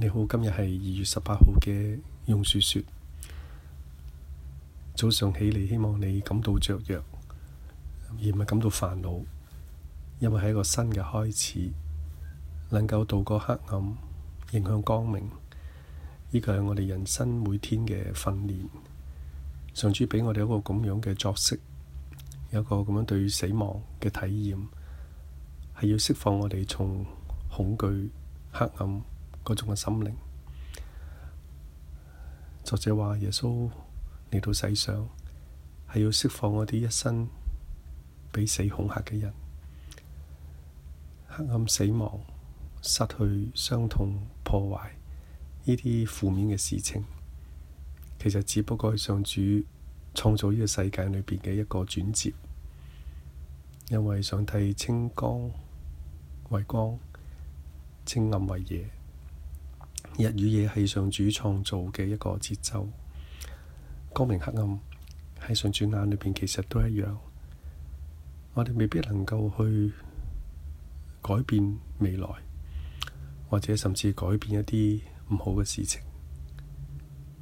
你好，今日係二月十八號嘅用樹說。早上起嚟，希望你感到雀躍，而唔係感到煩惱，因為係一個新嘅開始，能夠渡過黑暗，迎向光明。呢個係我哋人生每天嘅訓練，上主畀我哋一個咁樣嘅作息，有一個咁樣對死亡嘅體驗，係要釋放我哋從恐懼黑暗。嗰種嘅心靈，作者話：耶穌嚟到世上係要釋放我哋一生畀死恐嚇嘅人，黑暗、死亡、失去、傷痛、破壞呢啲負面嘅事情，其實只不過係上主創造呢個世界裏邊嘅一個轉折，因為上帝清光為光，清暗為夜。日與夜係上主創造嘅一個節奏，光明黑暗喺上主眼裏邊其實都一樣。我哋未必能夠去改變未來，或者甚至改變一啲唔好嘅事情。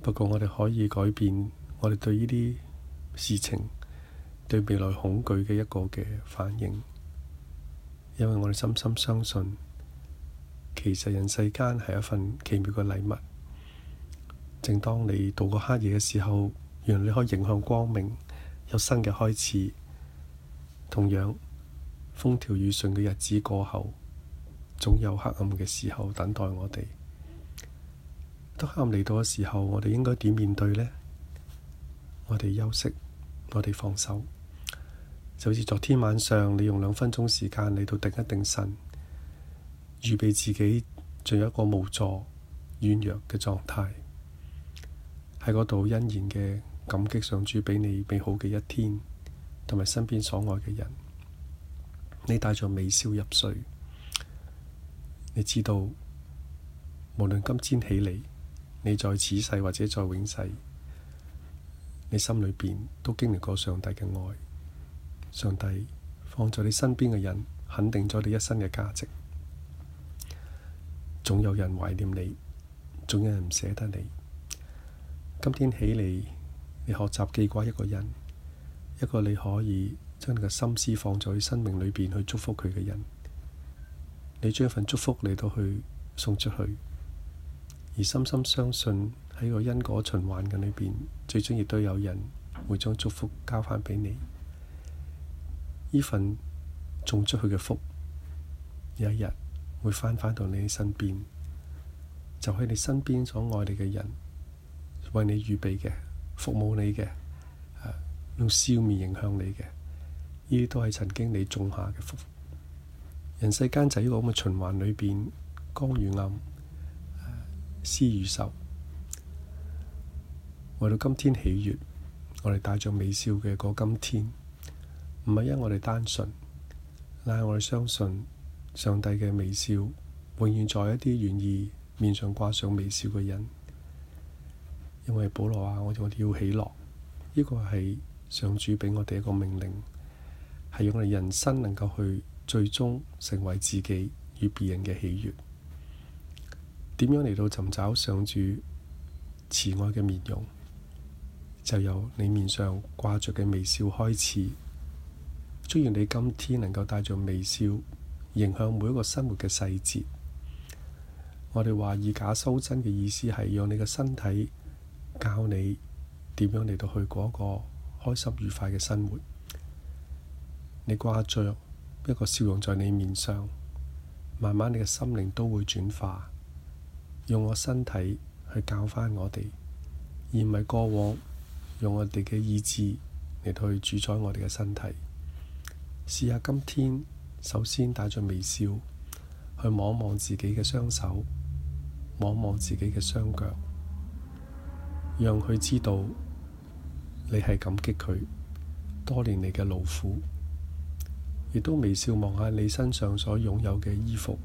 不過我哋可以改變我哋對呢啲事情對未來恐懼嘅一個嘅反應，因為我哋深深相信。其實人世間係一份奇妙嘅禮物。正當你度過黑夜嘅時候，原來你可以迎向光明，有新嘅開始。同樣，風調雨順嘅日子過後，總有黑暗嘅時候等待我哋。當黑暗嚟到嘅時候，我哋應該點面對呢？我哋休息，我哋放手，就好似昨天晚上，你用兩分鐘時間嚟到定一定神。預備自己，進入一個無助、軟弱嘅狀態，喺嗰度欣然嘅感激上主畀你美好嘅一天，同埋身邊所愛嘅人。你帶住微笑入睡，你知道無論今天起嚟，你在此世或者在永世，你心裏邊都經歷過上帝嘅愛。上帝放在你身邊嘅人，肯定咗你一生嘅價值。總有人懷念你，總有人唔捨得你。今天起嚟，你學習記掛一個人，一個你可以將你嘅心思放在生命裏邊去祝福佢嘅人。你將一份祝福你都去送出去，而深深相信喺個因果循環嘅裏邊，最終亦都有人會將祝福交翻俾你。呢份送出去嘅福，有一日。會翻返到你身邊，就喺、是、你身邊所愛你嘅人為你預備嘅、服務你嘅、用笑面影響你嘅，呢啲都係曾經你種下嘅福。人世間就喺個咁嘅循環裏邊，光與暗、施與受。為到今天喜悅，我哋帶着微笑嘅嗰今天，唔係因為我哋單純，乃係我哋相信。上帝嘅微笑永遠在一啲願意面上掛上微笑嘅人，因為保羅話：我我哋要喜樂，呢、這個係上主畀我哋一個命令，係用嚟我哋人生能夠去最終成為自己與別人嘅喜悦。點樣嚟到尋找上主慈愛嘅面容，就由你面上掛着嘅微笑開始。祝願你今天能夠帶着微笑。影響每一個生活嘅細節。我哋話以假修真嘅意思係用你嘅身體教你點樣嚟到去過一個開心愉快嘅生活。你掛着一個笑容在你面上，慢慢你嘅心靈都會轉化。用我身體去教翻我哋，而唔係過往用我哋嘅意志嚟到去主宰我哋嘅身體。試下今天。首先帶着微笑去望望自己嘅雙手，望望自己嘅雙腳，讓佢知道你係感激佢多年嚟嘅勞苦，亦都微笑望下你身上所擁有嘅衣服、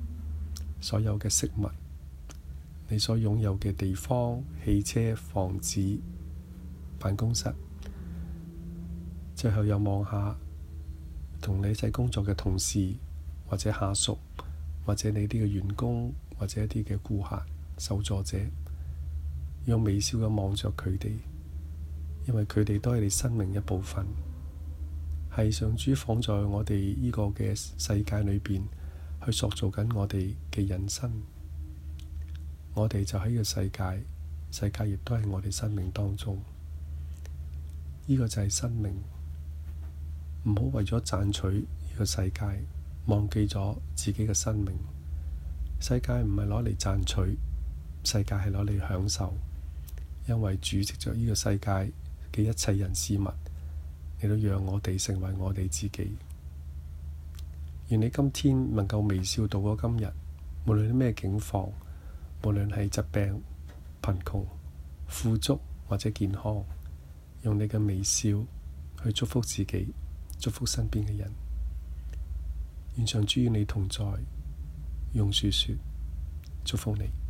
所有嘅飾物、你所擁有嘅地方、汽車、房子、辦公室，最後又望下同你一齊工作嘅同事，或者下屬，或者你啲嘅員工，或者一啲嘅顧客、受助者，要微笑咁望着佢哋，因為佢哋都係你生命一部分，係上主放在我哋呢個嘅世界裏邊，去塑造緊我哋嘅人生，我哋就喺呢個世界，世界亦都係我哋生命當中，呢個就係生命。唔好為咗賺取呢個世界，忘記咗自己嘅生命。世界唔係攞嚟賺取，世界係攞嚟享受。因為主藉着呢個世界嘅一切人事物，你都讓我哋成為我哋自己。願你今天能夠微笑度過今日，無論咩境況，無論係疾病、貧窮、富足或者健康，用你嘅微笑去祝福自己。祝福身邊嘅人，願上主與你同在。榕樹說，祝福你。